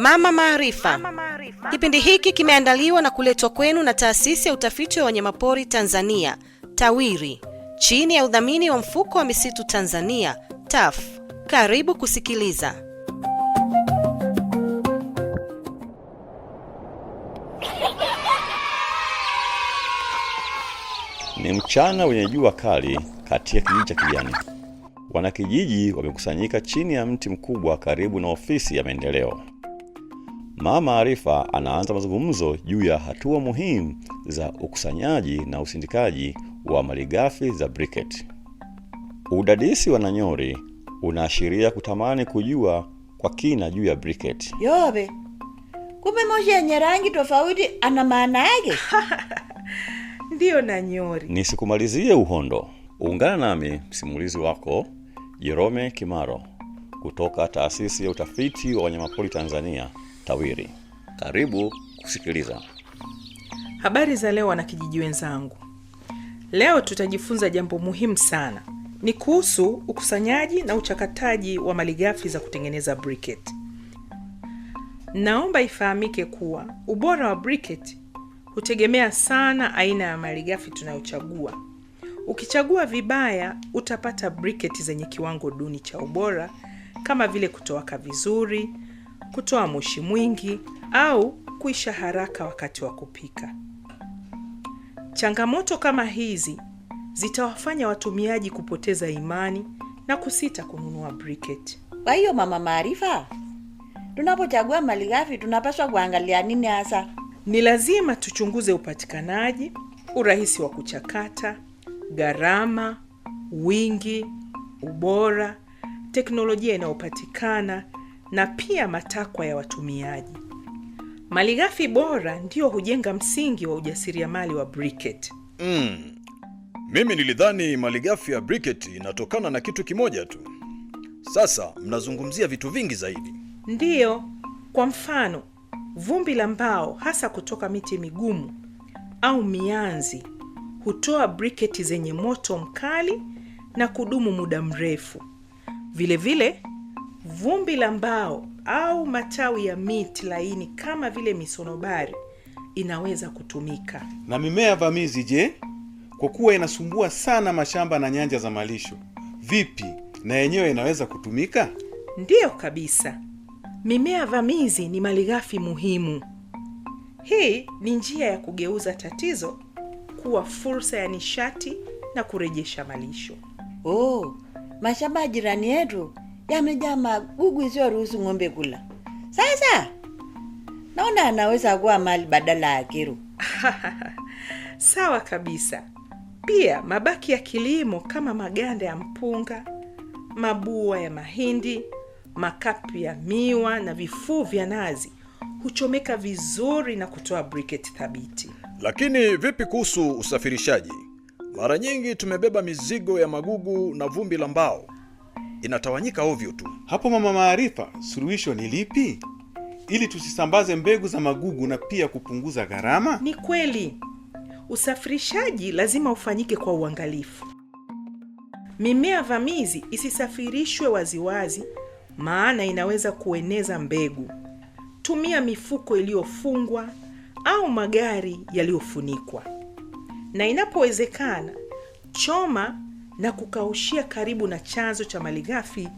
Mama Maarifa. Kipindi hiki kimeandaliwa na kuletwa kwenu na Taasisi ya Utafiti wa Wanyamapori Tanzania, TAWIRI, chini ya udhamini wa Mfuko wa Misitu Tanzania, TAF. Karibu kusikiliza. Ni mchana wenye jua kali kati ya kijiji cha Kijani. Wanakijiji wamekusanyika chini ya mti mkubwa karibu na ofisi ya maendeleo. Mama Arifa anaanza mazungumzo juu ya hatua muhimu za ukusanyaji na usindikaji wa malighafi za briquette. Udadisi wa Nanyori unaashiria kutamani kujua kwa kina juu ya briquette. Yobe, kumbe moshi yenye rangi tofauti ana maana yake? Ndiyo Nanyori, nisikumalizie uhondo. Ungana nami msimulizi wako Jerome Kimaro kutoka Taasisi ya Utafiti wa Wanyamapori Tanzania. TAWIRI. Karibu kusikiliza habari za leo, wanakijiji wenzangu. Leo tutajifunza jambo muhimu sana, ni kuhusu ukusanyaji na uchakataji wa malighafi za kutengeneza briquette. Naomba ifahamike kuwa ubora wa briquette hutegemea sana aina ya malighafi tunayochagua. Ukichagua vibaya, utapata briquette zenye kiwango duni cha ubora kama vile kutowaka vizuri, kutoa moshi mwingi au kuisha haraka wakati wa kupika. Changamoto kama hizi zitawafanya watumiaji kupoteza imani na kusita kununua briket Kwa hiyo Mama Maarifa, tunapochagua mali malighafi tunapaswa kuangalia nini hasa? Ni lazima tuchunguze upatikanaji, urahisi wa kuchakata, gharama, wingi, ubora, teknolojia inayopatikana na pia matakwa ya watumiaji. Malighafi bora ndiyo hujenga msingi wa ujasiriamali wa briket Mm. Mimi nilidhani malighafi ya briket inatokana na kitu kimoja tu. Sasa mnazungumzia vitu vingi zaidi. Ndiyo, kwa mfano, vumbi la mbao hasa kutoka miti migumu au mianzi hutoa briketi zenye moto mkali na kudumu muda mrefu. Vilevile Vumbi la mbao au matawi ya miti laini kama vile misonobari inaweza kutumika. Na mimea vamizi je? Kwa kuwa inasumbua sana mashamba na nyanja za malisho, vipi na yenyewe inaweza kutumika? Ndiyo kabisa, mimea vamizi ni malighafi muhimu. Hii ni njia ya kugeuza tatizo kuwa fursa ya nishati na kurejesha malisho. Oh, mashamba ya jirani yetu yamejaa magugu isiyoruhusu ng'ombe kula. Sasa naona anaweza kuwa mali badala ya kero. Sawa kabisa. Pia mabaki ya kilimo kama maganda ya mpunga, mabua ya mahindi, makapu ya miwa na vifuu vya nazi huchomeka vizuri na kutoa briket thabiti. Lakini vipi kuhusu usafirishaji? Mara nyingi tumebeba mizigo ya magugu na vumbi la mbao inatawanyika ovyo tu. Hapo Mama Maarifa, suluhisho ni lipi ili tusisambaze mbegu za magugu na pia kupunguza gharama? Ni kweli, usafirishaji lazima ufanyike kwa uangalifu. Mimea vamizi isisafirishwe waziwazi, maana inaweza kueneza mbegu. Tumia mifuko iliyofungwa au magari yaliyofunikwa, na inapowezekana choma na kukaushia karibu na chanzo cha malighafi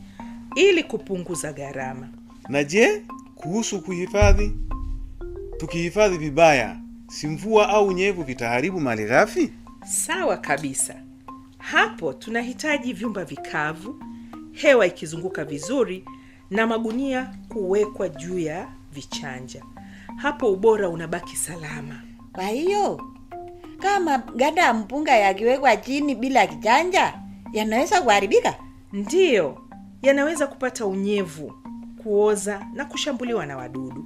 ili kupunguza gharama. Na je, kuhusu kuhifadhi? Tukihifadhi vibaya, si mvua au nyevu vitaharibu malighafi? Sawa kabisa. Hapo tunahitaji vyumba vikavu, hewa ikizunguka vizuri, na magunia kuwekwa juu ya vichanja. Hapo ubora unabaki salama. Kwa hiyo kama gada ya mpunga yakiwekwa chini bila kichanja, yanaweza kuharibika? Ndiyo, yanaweza kupata unyevu, kuoza na kushambuliwa na wadudu.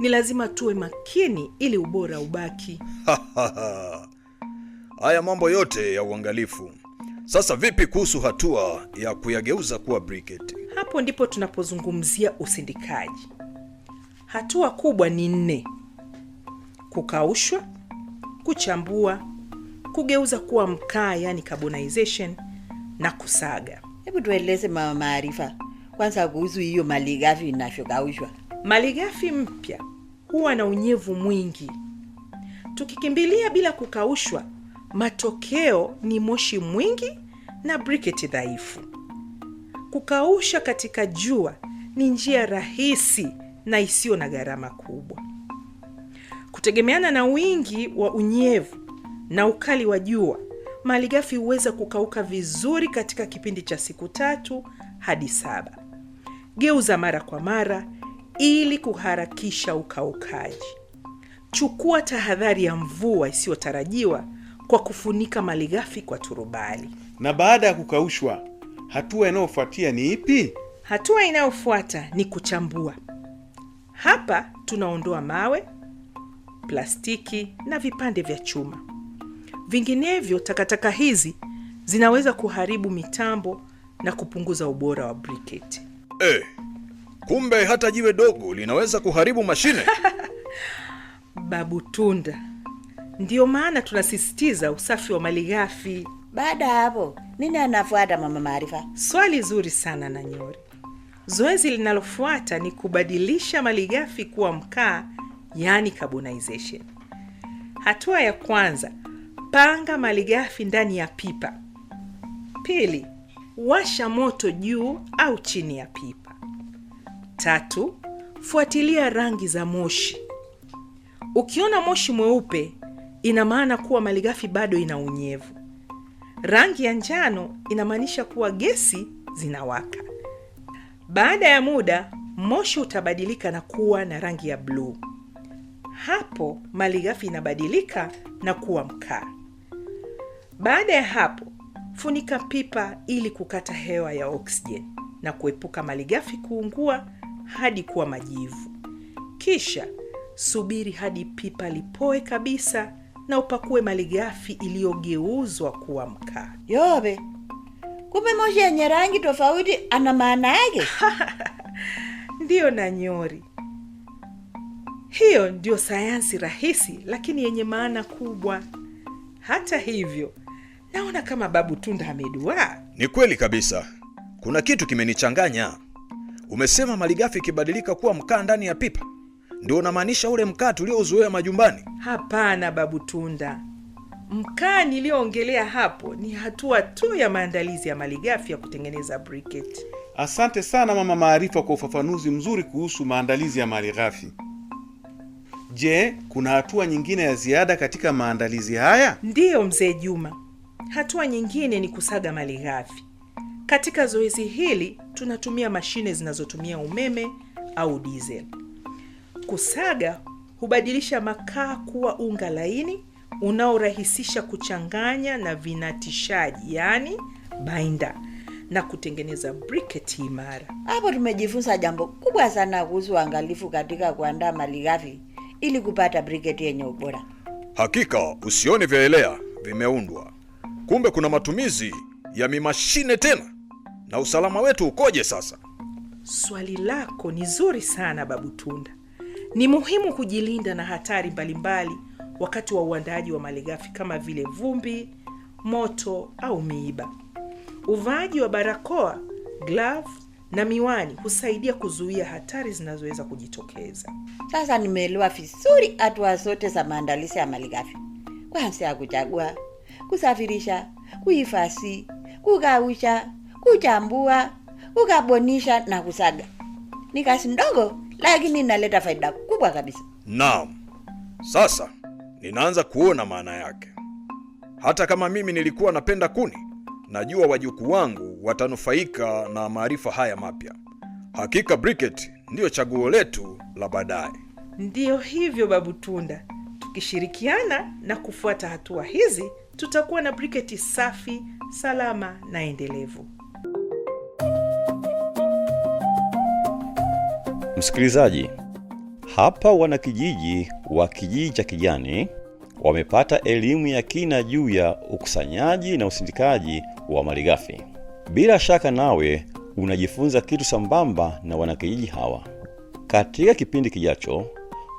Ni lazima tuwe makini ili ubora ubaki. Haya mambo yote ya uangalifu. Sasa vipi kuhusu hatua ya kuyageuza kuwa briket Hapo ndipo tunapozungumzia usindikaji. Hatua kubwa ni nne: kukaushwa, kuchambua, kugeuza kuwa mkaa, yani carbonization na kusaga. Hebu tueleze mama Maarifa kwanza kuhusu hiyo maligafi inavyokaushwa. maligafi mpya huwa na unyevu mwingi, tukikimbilia bila kukaushwa, matokeo ni moshi mwingi na briketi dhaifu. Kukausha katika jua ni njia rahisi na isiyo na gharama kubwa. Kutegemeana na wingi wa unyevu na ukali wa jua, malighafi huweza kukauka vizuri katika kipindi cha siku tatu hadi saba. Geuza mara kwa mara ili kuharakisha ukaukaji. Chukua tahadhari ya mvua isiyotarajiwa kwa kufunika malighafi kwa turubali. Na baada ya kukaushwa, hatua inayofuatia ni ipi? Hatua inayofuata ni kuchambua. Hapa tunaondoa mawe, plastiki na vipande vya chuma. Vinginevyo, takataka hizi zinaweza kuharibu mitambo na kupunguza ubora wa briketi. Hey, eh, kumbe hata jiwe dogo linaweza kuharibu mashine Babu Tunda, ndiyo maana tunasisitiza usafi wa ghafi Baada ya hapo, nini anafuata, Mama Maarifa? Swali zuri sana nyori Zoezi linalofuata ni kubadilisha mali ghafi kuwa mkaa, yani carbonization. Hatua ya kwanza panga malighafi ndani ya pipa. Pili, washa moto juu au chini ya pipa. Tatu, fuatilia rangi za moshi. Ukiona moshi mweupe, ina maana kuwa malighafi bado ina unyevu. Rangi ya njano inamaanisha kuwa gesi zinawaka. Baada ya muda, moshi utabadilika na kuwa na rangi ya bluu. Hapo malighafi inabadilika na kuwa mkaa. Baada ya hapo, funika pipa ili kukata hewa ya oksijeni na kuepuka maligafi kuungua hadi kuwa majivu. Kisha subiri hadi pipa lipoe kabisa na upakue maligafi iliyogeuzwa kuwa mkaa. Yobe, kumbe moshi yenye rangi tofauti ana maana yake? Ndiyo na nyori, hiyo ndiyo sayansi rahisi lakini yenye maana kubwa. Hata hivyo naona kama babu tunda amedua Ni kweli kabisa, kuna kitu kimenichanganya. Umesema maligafi ikibadilika kuwa mkaa ndani ya pipa ndio unamaanisha ule mkaa tuliouzoea majumbani? Hapana babu Tunda, mkaa niliyoongelea hapo ni hatua tu ya maandalizi ya maligafi ya kutengeneza briket. Asante sana mama Maarifa kwa ufafanuzi mzuri kuhusu maandalizi ya maligafi Je, kuna hatua nyingine ya ziada katika maandalizi haya? Ndiyo mzee Juma, Hatua nyingine ni kusaga malighafi. Katika zoezi hili tunatumia mashine zinazotumia umeme au diesel. Kusaga hubadilisha makaa kuwa unga laini unaorahisisha kuchanganya na vinatishaji, yaani binder, na kutengeneza briketi imara. Hapo tumejifunza jambo kubwa sana kuhusu uangalifu katika kuandaa malighafi ili kupata briketi yenye ubora. Hakika usione vyaelea vimeundwa Kumbe kuna matumizi ya mimashine tena, na usalama wetu ukoje sasa? Swali lako ni zuri sana Babu Tunda. Ni muhimu kujilinda na hatari mbalimbali wakati wa uandaaji wa malighafi kama vile vumbi, moto au miiba. Uvaaji wa barakoa, glavu na miwani husaidia kuzuia hatari zinazoweza kujitokeza. Sasa nimeelewa vizuri hatua zote za maandalizi ya malighafi, kwanza ya kuchagua kusafirisha, kuifasi kukausha, kuchambua, kukabonisha na kusaga. Ni kazi ndogo, lakini inaleta faida kubwa kabisa. Naam, sasa ninaanza kuona maana yake. Hata kama mimi nilikuwa napenda kuni, najua wajukuu wangu watanufaika na maarifa haya mapya. Hakika ndiyo chaguo letu la baadaye. Ndiyo hivyo Babu Tunda, Tukishirikiana na kufuata hatua hizi, tutakuwa na briketi safi, salama na endelevu. Msikilizaji, hapa wanakijiji wa kijiji cha Kijani wamepata elimu ya kina juu ya ukusanyaji na usindikaji wa malighafi. Bila shaka nawe unajifunza kitu sambamba na wanakijiji hawa. Katika kipindi kijacho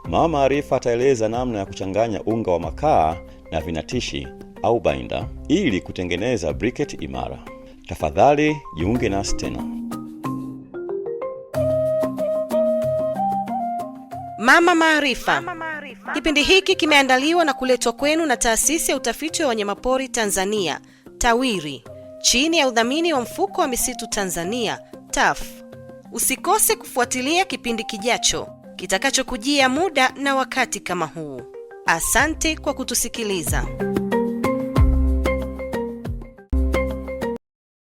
Mama Maarifa ataeleza namna ya kuchanganya unga wa makaa na vinatishi au bainda ili kutengeneza briket imara. Tafadhali jiunge nasi tena. Mama Maarifa. Kipindi hiki kimeandaliwa na kuletwa kwenu na Taasisi ya Utafiti wa Wanyamapori Tanzania, TAWIRI, chini ya udhamini wa Mfuko wa Misitu Tanzania, TAF. Usikose kufuatilia kipindi kijacho kitakachokujia muda na wakati kama huu. Asante kwa kutusikiliza.